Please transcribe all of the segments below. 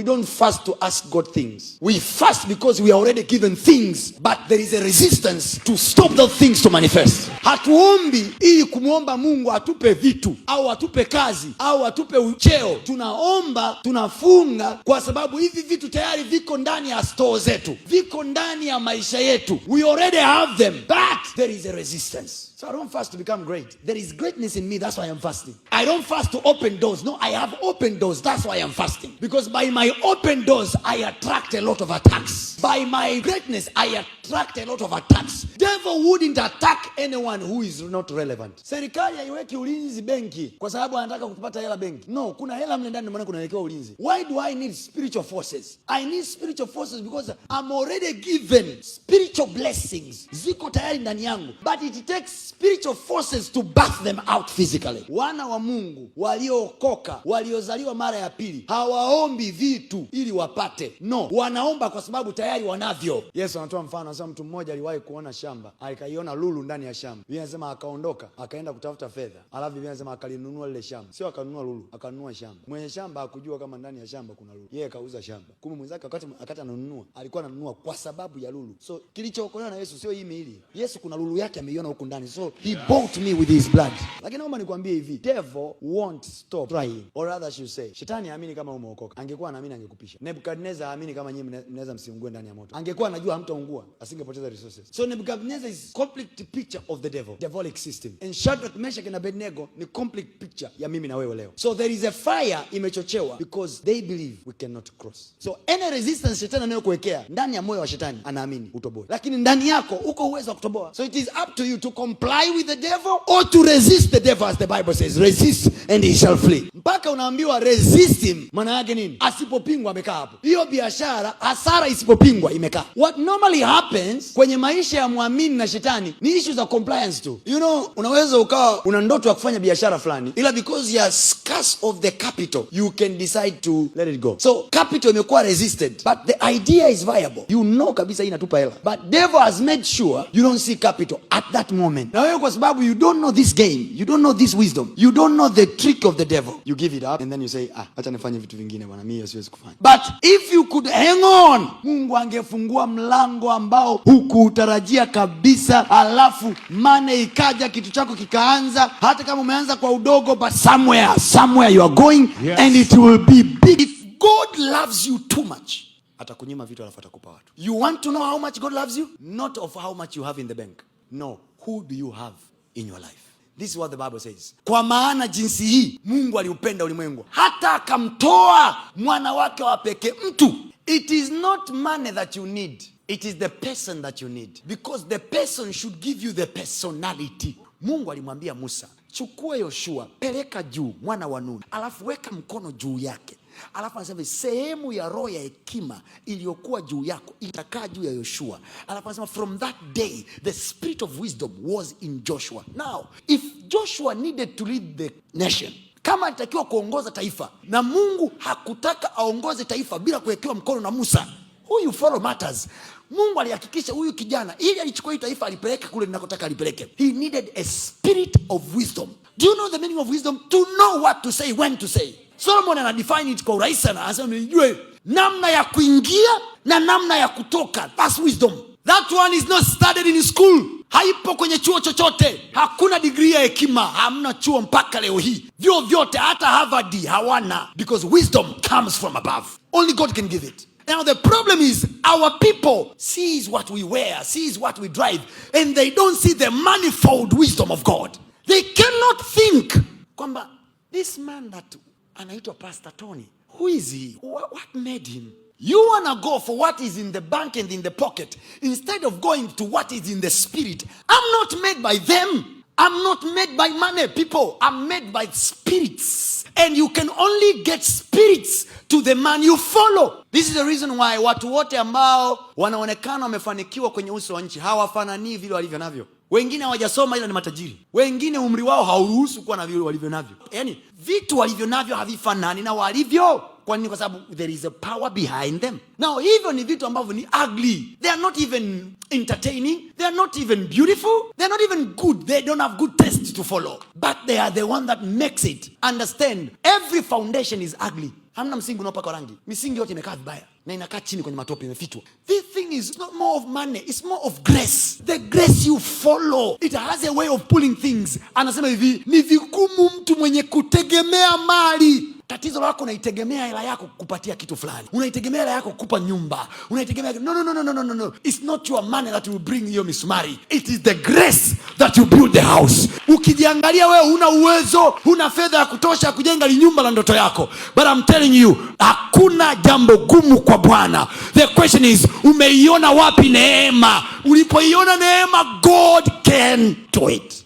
We don't fast to ask God things. We fast because we are already given things, but there is a resistance to stop those things to manifest. Hatuombi ili kumwomba Mungu atupe vitu au atupe kazi au atupe ucheo. Tunaomba, tunafunga kwa sababu hivi vitu tayari viko ndani ya store zetu, viko ndani ya maisha yetu. We already have them, but there is a resistance. So I don't fast to become great. There is greatness in me. That's why I'm fasting. I don't fast to open doors. No, I have open doors. That's why I'm fasting. Because by my open doors, I attract a lot of attacks. By my greatness, I attract a lot of attacks. devil wouldn't attack anyone who is not relevant. Serikali haiweki ulinzi benki kwa sababu anataka kupata hela benki. No, kuna hela mle ndani, maana kunawekewa ulinzi. Why do I need spiritual forces? I need spiritual forces because I'm already given spiritual blessings, ziko tayari ndani yangu, but it takes spiritual forces to bath them out physically. Wana wa Mungu waliookoka, waliozaliwa mara ya pili, hawaombi vitu ili wapate. No, wanaomba kwa sababu tayari wanavyo. Yesu anatoa mfano, anasema mtu mmoja aliwahi kuona sha shamba, aikaiona lulu ndani ya shamba. Biblia inasema akaondoka akaenda kutafuta fedha, alafu Biblia inasema akalinunua lile shamba, sio akanunua lulu, akanunua shamba. Mwenye shamba hakujua kama ndani ya shamba kuna lulu, yeye akauza shamba. Kumbe mwenzake wakati akati ananunua alikuwa ananunua kwa sababu ya lulu. So kilichookolewa na Yesu sio hii miili. Yesu kuna lulu yake ameiona huku ndani, so he bought me with his blood. Lakini naomba nikwambie hivi, devil won't stop trying or rather should say, shetani haamini kama umeokoka. Angekuwa anaamini angekupisha. Nebukadnezar haamini kama nyinyi mnaweza msiungue ndani ya moto, angekuwa anajua hamtaungua, asingepoteza resources. So Nebukadnezar Nebuchadnezzar is complete picture of the devil, diabolic system. And Shadrach, Meshach and Abednego ni complete picture ya mimi na wewe leo. So there is a fire imechochewa because they believe we cannot cross. So any resistance shetani anayokuwekea ndani ya moyo wa shetani anaamini utoboe. Lakini ndani yako uko uwezo wa kutoboa. So it is up to you to comply with the devil or to resist the devil as the Bible says, resist and he shall flee. Mpaka unaambiwa resist him, maana yake nini? Asipopingwa amekaa hapo. Hiyo biashara hasara isipopingwa imekaa. What normally happens kwenye maisha ya amini na shetani ni issue za compliance tu. You know, unaweza ukawa una ndoto ya kufanya biashara fulani, ila because ya scarce of the capital you can decide to let it go. So capital imekuwa resisted but the idea is viable, you know kabisa hii inatupa hela, but devil has made sure you don't see capital at that moment. Na wewe kwa sababu you don't know this game, you don't know this wisdom, you don't know the trick of the devil, you give it up and then you say ah, acha nifanye vitu vingine bwana, mimi siwezi kufanya. But if you could hang on, Mungu angefungua mlango ambao hukuutarajia kabisa, alafu mane ikaja, kitu chako kikaanza, hata kama umeanza kwa udogo, but somewhere somewhere you are going yes. and it will be big if God loves you too much atakunyima vitu alafu atakupa watu. You want to know how much God loves you? Not of how much you have in the bank. No, who do you have in your life? This is what the Bible says. Kwa maana jinsi hii Mungu aliupenda ulimwengu hata akamtoa mwana wake wa pekee mtu. It is not money that you need. It is the person that you need because the person should give you the personality. Mungu alimwambia Musa, chukua Yoshua, peleka juu mwana wa Nuni, alafu weka mkono juu yake, alafu anasema sehemu ya roho ya hekima iliyokuwa juu yako itakaa juu ya Yoshua. Alafu anasema from that day the spirit of wisdom was in Joshua. Now if Joshua needed to lead the nation kama alitakiwa kuongoza taifa na Mungu hakutaka aongoze taifa bila kuwekewa mkono na Musa, who you follow matters. Mungu alihakikisha huyu kijana ili alichukua hii taifa alipeleke kule ninakotaka alipeleke. He needed a spirit of wisdom. Do you know the meaning of wisdom? To know what to say, when to say. Solomon ana define it kwa urahisi sana, anasema nijue namna ya kuingia na namna ya kutoka. That's wisdom. That one is not studied in school. Haipo kwenye chuo chochote, hakuna degree ya hekima, hamna chuo mpaka leo hii, Vyo vyote hata Harvard hawana, because wisdom comes from above, only God can give it. Now, the problem is our people sees what we wear, sees what we drive, and they don't see the manifold wisdom of God. They cannot think kwamba this man that anaitwa Pastor Tony, who is he? What made him? You want to go for what is in the bank and in the pocket instead of going to what is in the spirit. I'm not made by them. I'm not made by money, people. I'm made by spirits. And you can only get spirits to the man you follow. This is the reason why watu wote ambao wanaonekana wamefanikiwa kwenye uso wa nchi hawafananii vile walivyo navyo. Wengine hawajasoma ila ni matajiri, wengine umri wao hauruhusu kuwa na vile walivyo navyo. Yaani vitu walivyo navyo havifanani na walivyo kwa nini? Kwa sababu there is a power behind them. Now hivyo ni vitu ambavyo ni ugly, they are not even entertaining, they are not even beautiful, they are not even good, they don't have good taste to follow, but they are the one that makes it. Understand, every foundation is ugly. Hamna msingi unaopaka rangi, misingi yote imekaa vibaya na inakaa chini kwenye matope, imefitwa This thing is not more of money, it's more of grace. The grace you follow it has a way of pulling things. Anasema hivi, ni vigumu mtu mwenye kutegemea mali Tatizo lako unaitegemea hela yako kukupatia kitu fulani, unaitegemea hela yako kukupa nyumba, unaitegemea no, no, no, no, no, no. no. It's not your money that will bring hiyo misumari, it is the grace that you build the house. Ukijiangalia wewe huna uwezo, huna fedha ya kutosha ya kujenga nyumba la ndoto yako, but I'm telling you, hakuna jambo gumu kwa Bwana. The question is umeiona wapi neema? Ulipoiona neema, God can do it.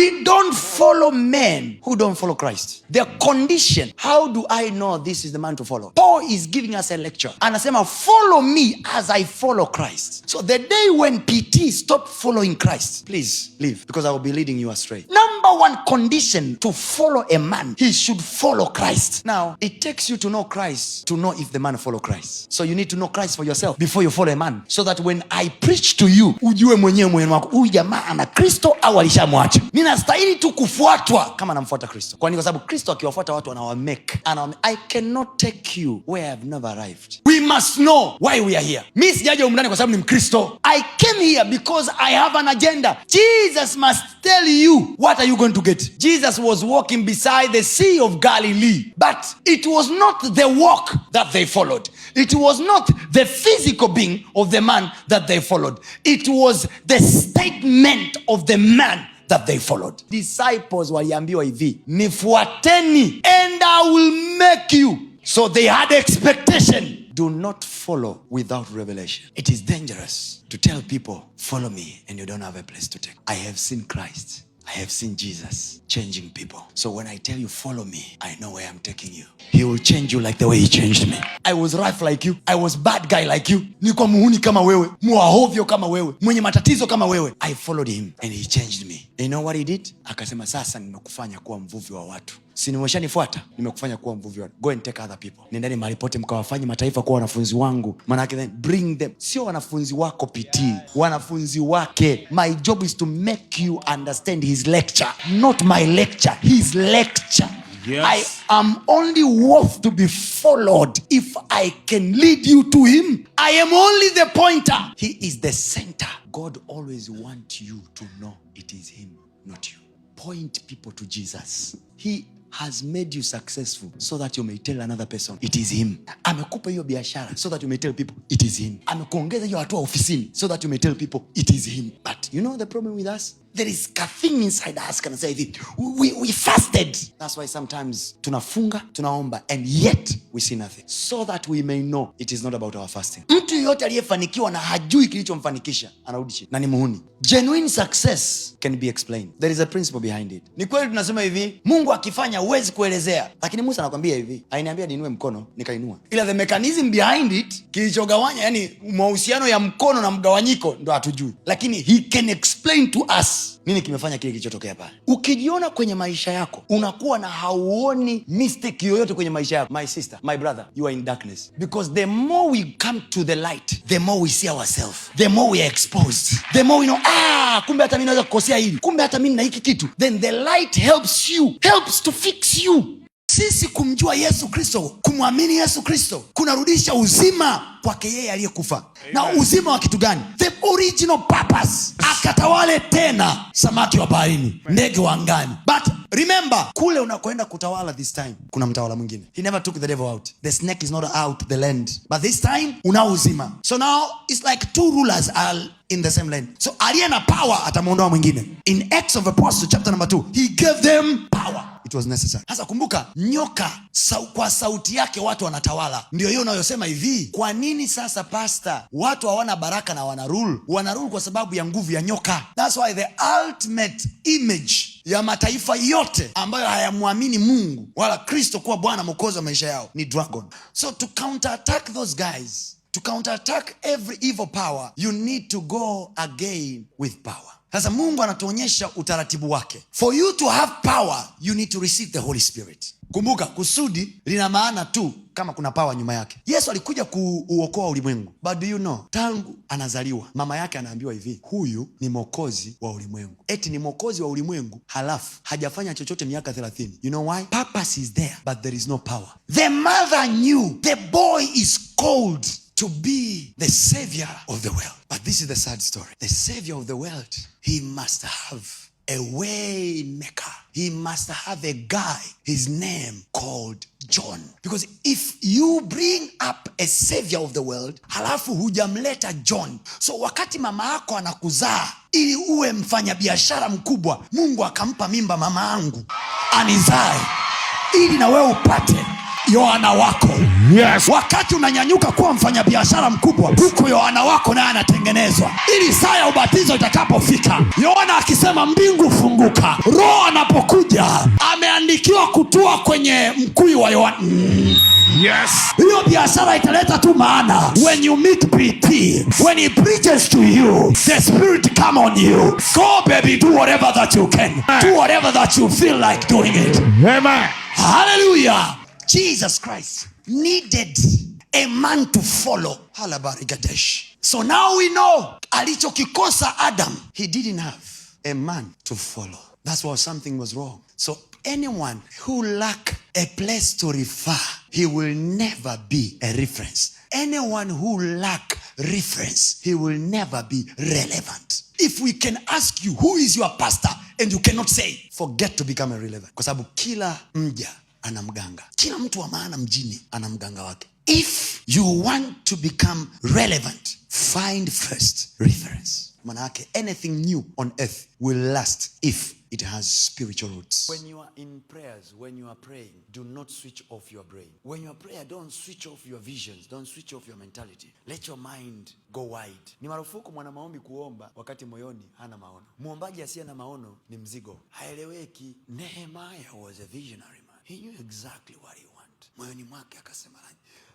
We don't follow men who don't follow Christ. The condition, how do I know this is the man to follow? Paul is giving us a lecture. and Anasema follow me as I follow Christ. So the day when PT stop following Christ, please leave because I will be leading you astray. Now number one condition to follow a man, he should follow Christ. Now, it takes you to know Christ to know if the man follow Christ. So you need to know Christ for yourself before you follow a man. So that when I preach to you, ujue mwenyewe mwenyewe wako huyu jamaa ana Kristo au alishamwacha. Ninastahili tu kufuatwa kama anamfuata Kristo. Kwani kwa sababu Kristo akiwafuata watu anawamake. Anawame, I cannot take you where I have never arrived. We must know why we are here. Mi sijaja umndani kwa sababu ni Mkristo. I came here because I have an agenda. Jesus must tell you what are you you going to get? Jesus was walking beside the Sea of Galilee, but it was not the walk that they followed. It was not the physical being of the man that they followed. It was the statement of the man that they followed. Disciples waliambiwa hivi, nifuateni and I will make you. So they had expectation. Do not follow without revelation. It is dangerous to tell people, follow me, and you don't have a place to take. I have seen Christ. I have seen Jesus changing people. So when I tell you follow me, I know where I'm taking you. He will change you like the way he changed me. I was rough like you. I was bad guy like you. Nilikuwa muhuni kama wewe, mwahovyo kama wewe, mwenye matatizo kama wewe. I followed him and he changed me. You know what he did? Akasema sasa nimekufanya kuwa mvuvi wa watu sinimeshanifuata nimekufanya kuwa mvuvi Go and take other people, nendeni maripoti mkawafanye mataifa kuwa wanafunzi wangu. Maana yake bring them, sio wanafunzi wako pitii, wanafunzi wake. My job is to make you understand his lecture, not my lecture, his lecture. Yes. I am only worth to be followed if I can lead you to him. I am only the pointer. He is the center. God always wants you to know it is him, not you. Point people to Jesus. He has made you successful so that you may tell another person it is him. Amekupa hiyo biashara so that you may tell people it is him. Amekuongeza hiyo hatua ofisini so that you may tell people it is him. But you know the problem with us there is a thing inside us can say that we, we fasted that's why sometimes tunafunga tunaomba and yet we see nothing so that we may know it is not about our fasting mtu yoyote aliyefanikiwa na hajui kilichomfanikisha anarudi chini na ni muhuni genuine success can be explained there is a principle behind it ni kweli tunasema hivi mungu akifanya huwezi kuelezea lakini musa anakwambia hivi ainiambia niinue mkono nikainua ila the mechanism behind it kilichogawanya yani mahusiano ya mkono na mgawanyiko ndo hatujui lakini he can explain to us nini kimefanya kile kilichotokea pale? Ukijiona kwenye maisha yako unakuwa na hauoni mistake yoyote kwenye maisha yako, my sister, my brother, you are in darkness because the more we come to the light, the more we see ourself the more we are exposed, the more we know ah, kumbe hata mi naweza kukosea hili, kumbe hata mi na hiki kitu, then the light helps you, helps to fix you. Sisi kumjua Yesu Kristo, kumwamini Yesu Kristo kunarudisha uzima kwake yeye aliyekufa. Na uzima wa kitu gani? The original purpose, akatawale tena samaki wa baharini, ndege wa ngani But remember, kule unakoenda kutawala this time kuna mtawala mwingine. He never took the devil out, the snake is not out the land, but this time unao uzima. So now it's like two rulers are in the same land. So aliye na power atamwondoa mwingine. In Acts of apostle chapter number 2 he gave them power it was necessary. kumbuka, nyoka sa, kwa sauti yake watu wanatawala. Ndio hiyo unayosema hivi, kwa nini sasa pasta watu hawana baraka na wana rule? Wana rule kwa sababu ya nguvu ya nyoka. That's why the ultimate image ya mataifa yote ambayo hayamwamini Mungu wala Kristo kuwa Bwana mokozi wa maisha yao ni dragon. So to counterattack those guys, to counterattack every evil power, you need to go again with power sasa mungu anatuonyesha utaratibu wake for you to have power you need to receive the holy spirit kumbuka kusudi lina maana tu kama kuna pawa nyuma yake yesu alikuja kuuokoa ulimwengu but do you know tangu anazaliwa mama yake anaambiwa hivi huyu ni mwokozi wa ulimwengu eti ni mwokozi wa ulimwengu halafu hajafanya chochote miaka thelathini you know why purpose is there but there is no power the mother knew the boy is cold to be the savior of the world. But this is the sad story. The savior of the world, he must have a way maker. He must have a guy, his name called John. Because if you bring up a savior of the world, halafu hujamleta John. So wakati mama yako anakuzaa ili uwe mfanyabiashara mkubwa, Mungu akampa mimba mama yangu anizae ili na wewe upate Yohana wako yes. Wakati unanyanyuka kuwa mfanyabiashara mkubwa, huku Yohana wako naye anatengenezwa, ili saa ya ubatizo itakapofika, Yohana akisema mbingu funguka, Roho anapokuja ameandikiwa kutua kwenye mkui wa Yohana mm. Yes. Hiyo biashara italeta tu maana. When you meet PT, when he preaches to you, the spirit come on you. Go baby, do whatever that you can. Do whatever that you feel like doing it. Amen. Hallelujah. Jesus Christ needed a man to follow. Halabarigadesh. So now we know alichokikosa Adam, he didn't have a man to follow. That's why something was wrong. So anyone who lack a place to refer, he will never be a reference. Anyone who lack reference, he will never be relevant. If we can ask you who is your pastor and you cannot say, forget to become irrelevant. Kwa sababu kila mja ana mganga. Kila mtu wa maana mjini ana mganga wake. If you want to become relevant, find first reference. Maana anything new on earth will last if it has spiritual roots. When you are in prayers, when you are praying, do not switch off your brain. When you are prayer, don't switch off your visions, don't switch off your mentality. Let your mind go wide. Ni marufuku mwana maombi kuomba wakati moyoni hana maono. mwombaji asiye na maono ni mzigo, haeleweki. Nehemiah was a visionary. He knew exactly what he want. Moyoni mwake akasema,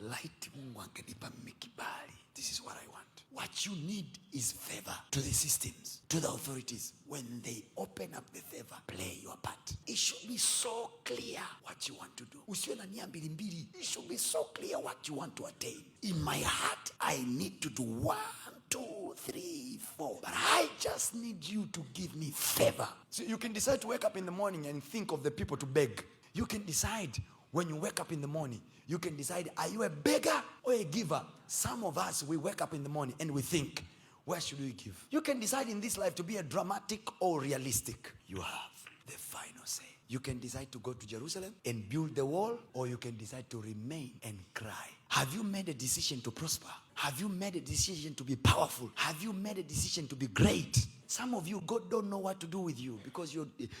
laiti Mungu angenipa mimi kibali. This is what I want. What you need is favor to the systems, to the authorities. When they open up the favor, play your part. It should be so clear what you want to do. Usiwe na nia mbili mbili. It should be so clear what you want to attain. In my heart, I need to do one, two, three, four. But I just need you to give me favor. So you can decide to wake up in the morning and think of the people to beg. You can decide when you wake up in the morning. You can decide, are you a beggar or a giver? Some of us, we wake up in the morning and we think, where should we give? You can decide in this life to be a dramatic or realistic. You have the final say. You can decide to go to Jerusalem and build the wall, or you can decide to remain and cry. Have you made a decision to prosper? Have you made a decision to be powerful? Have you made a decision to be great? Some of you, God don't know what to do with you because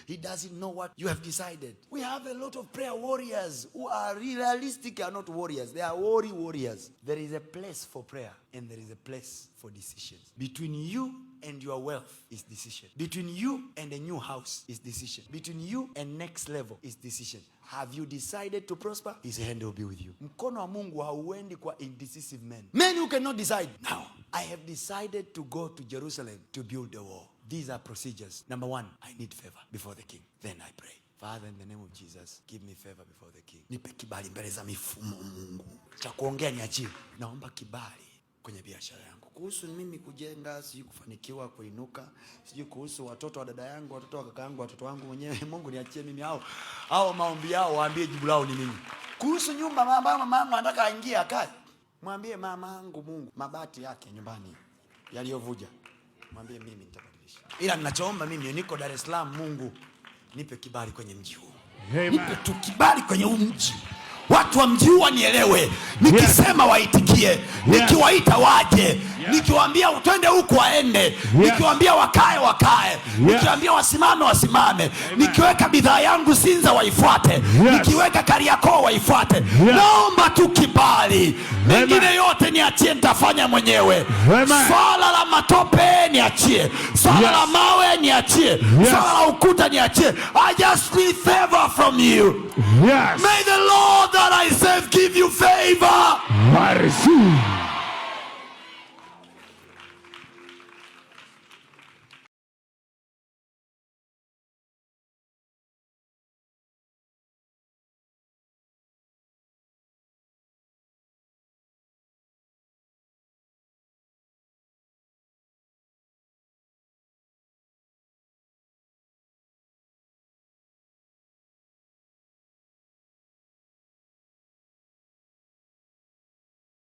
He doesn't know what you have decided. We have a lot of prayer warriors who are realistic, are not warriors. They are worry warriors. There is a place for prayer and there is a place for decisions. Between you and your wealth is decision. Between you and a new house is decision. Between you and next level is decision. Have you decided to prosper? His hand will be with you. Mkono wa Mungu hauendi kwa indecisive men. Men who cannot decide. Now, I have decided to go to Jerusalem to build the wall. These are procedures. Number one, I need favor before the king. Then I pray. Father, in the name of Jesus, give me favor before the king. Nipe kibali mbele za mifumo Mungu. Cha kuongea niachie. Naomba kibali kwenye biashara yangu, kuhusu mimi kujenga, sijui kufanikiwa, kuinuka, sijui kuhusu watoto wa dada yangu, watoto wa kaka yangu, watoto wangu mwenyewe. Mungu niachie mimi hao hao, maombi yao waambie jibu lao ni mimi. Kuhusu nyumba, mama mama anataka aingie akae, mwambie mama yangu, Mungu mabati yake nyumbani yaliyovuja, mwambie mimi nitabadilisha, ila ninachoomba mimi, niko Dar es Salaam, Mungu nipe kibali kwenye mji huu, nipe tu kibali kwenye huu mji watu wa nielewe wanielewe, nikisema waitikie, nikiwaita waje, nikiwaambia utende huku waende, nikiwaambia wakae wakae, nikiwaambia wasimame wasimame, nikiweka bidhaa yangu Sinza waifuate, nikiweka Kariakoo waifuate. Naomba tu kibali, mengine yote niachie, nitafanya mwenyewe. Swala la matope niachie, swala la mawe niachie, swala la ukuta niachie. I just need favor from you. May the Lord God, I serve give you favor. Mercy.